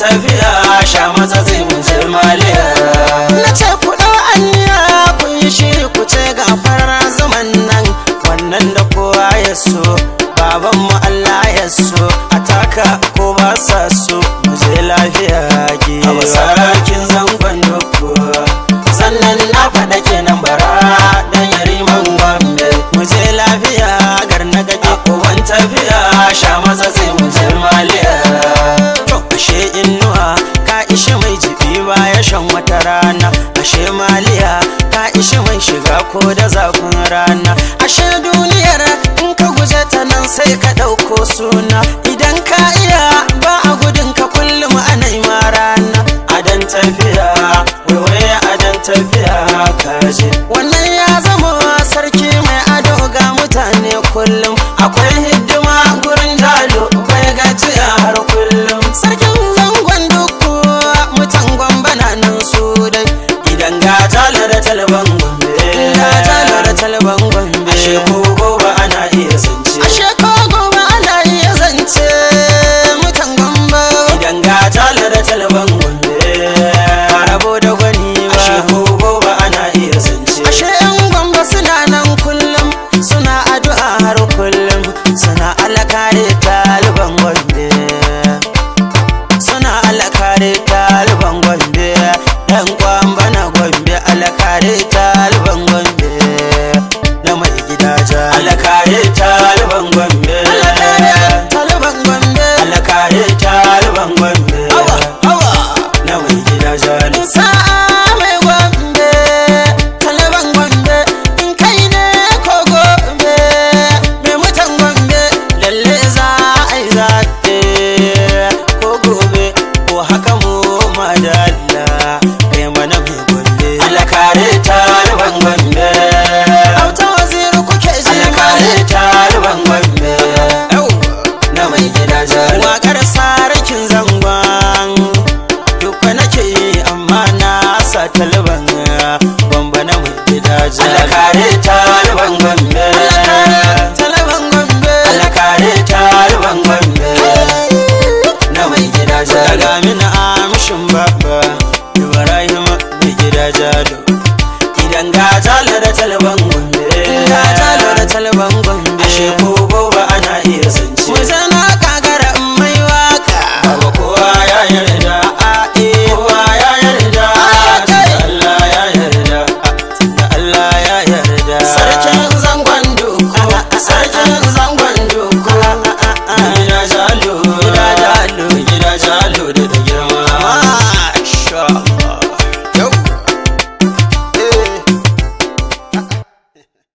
tafiya sha matsa zai mutum maliya na ce ku ɗau anniya yi shi ku ce gafarar zaman nan wannan da kowa ya so baban mu Allah ya so a taka ko ba sa so mu je lafiya ge a sarakin zangon dukku sannan na faɗa kenan bara dan yari man mu je lafiya gar na gaje ko tafiya sha rana ta talban bamba na mai gida ja Allah kare talban gombe talban gombe Allah ta talban gombe na mai gida ja daga mina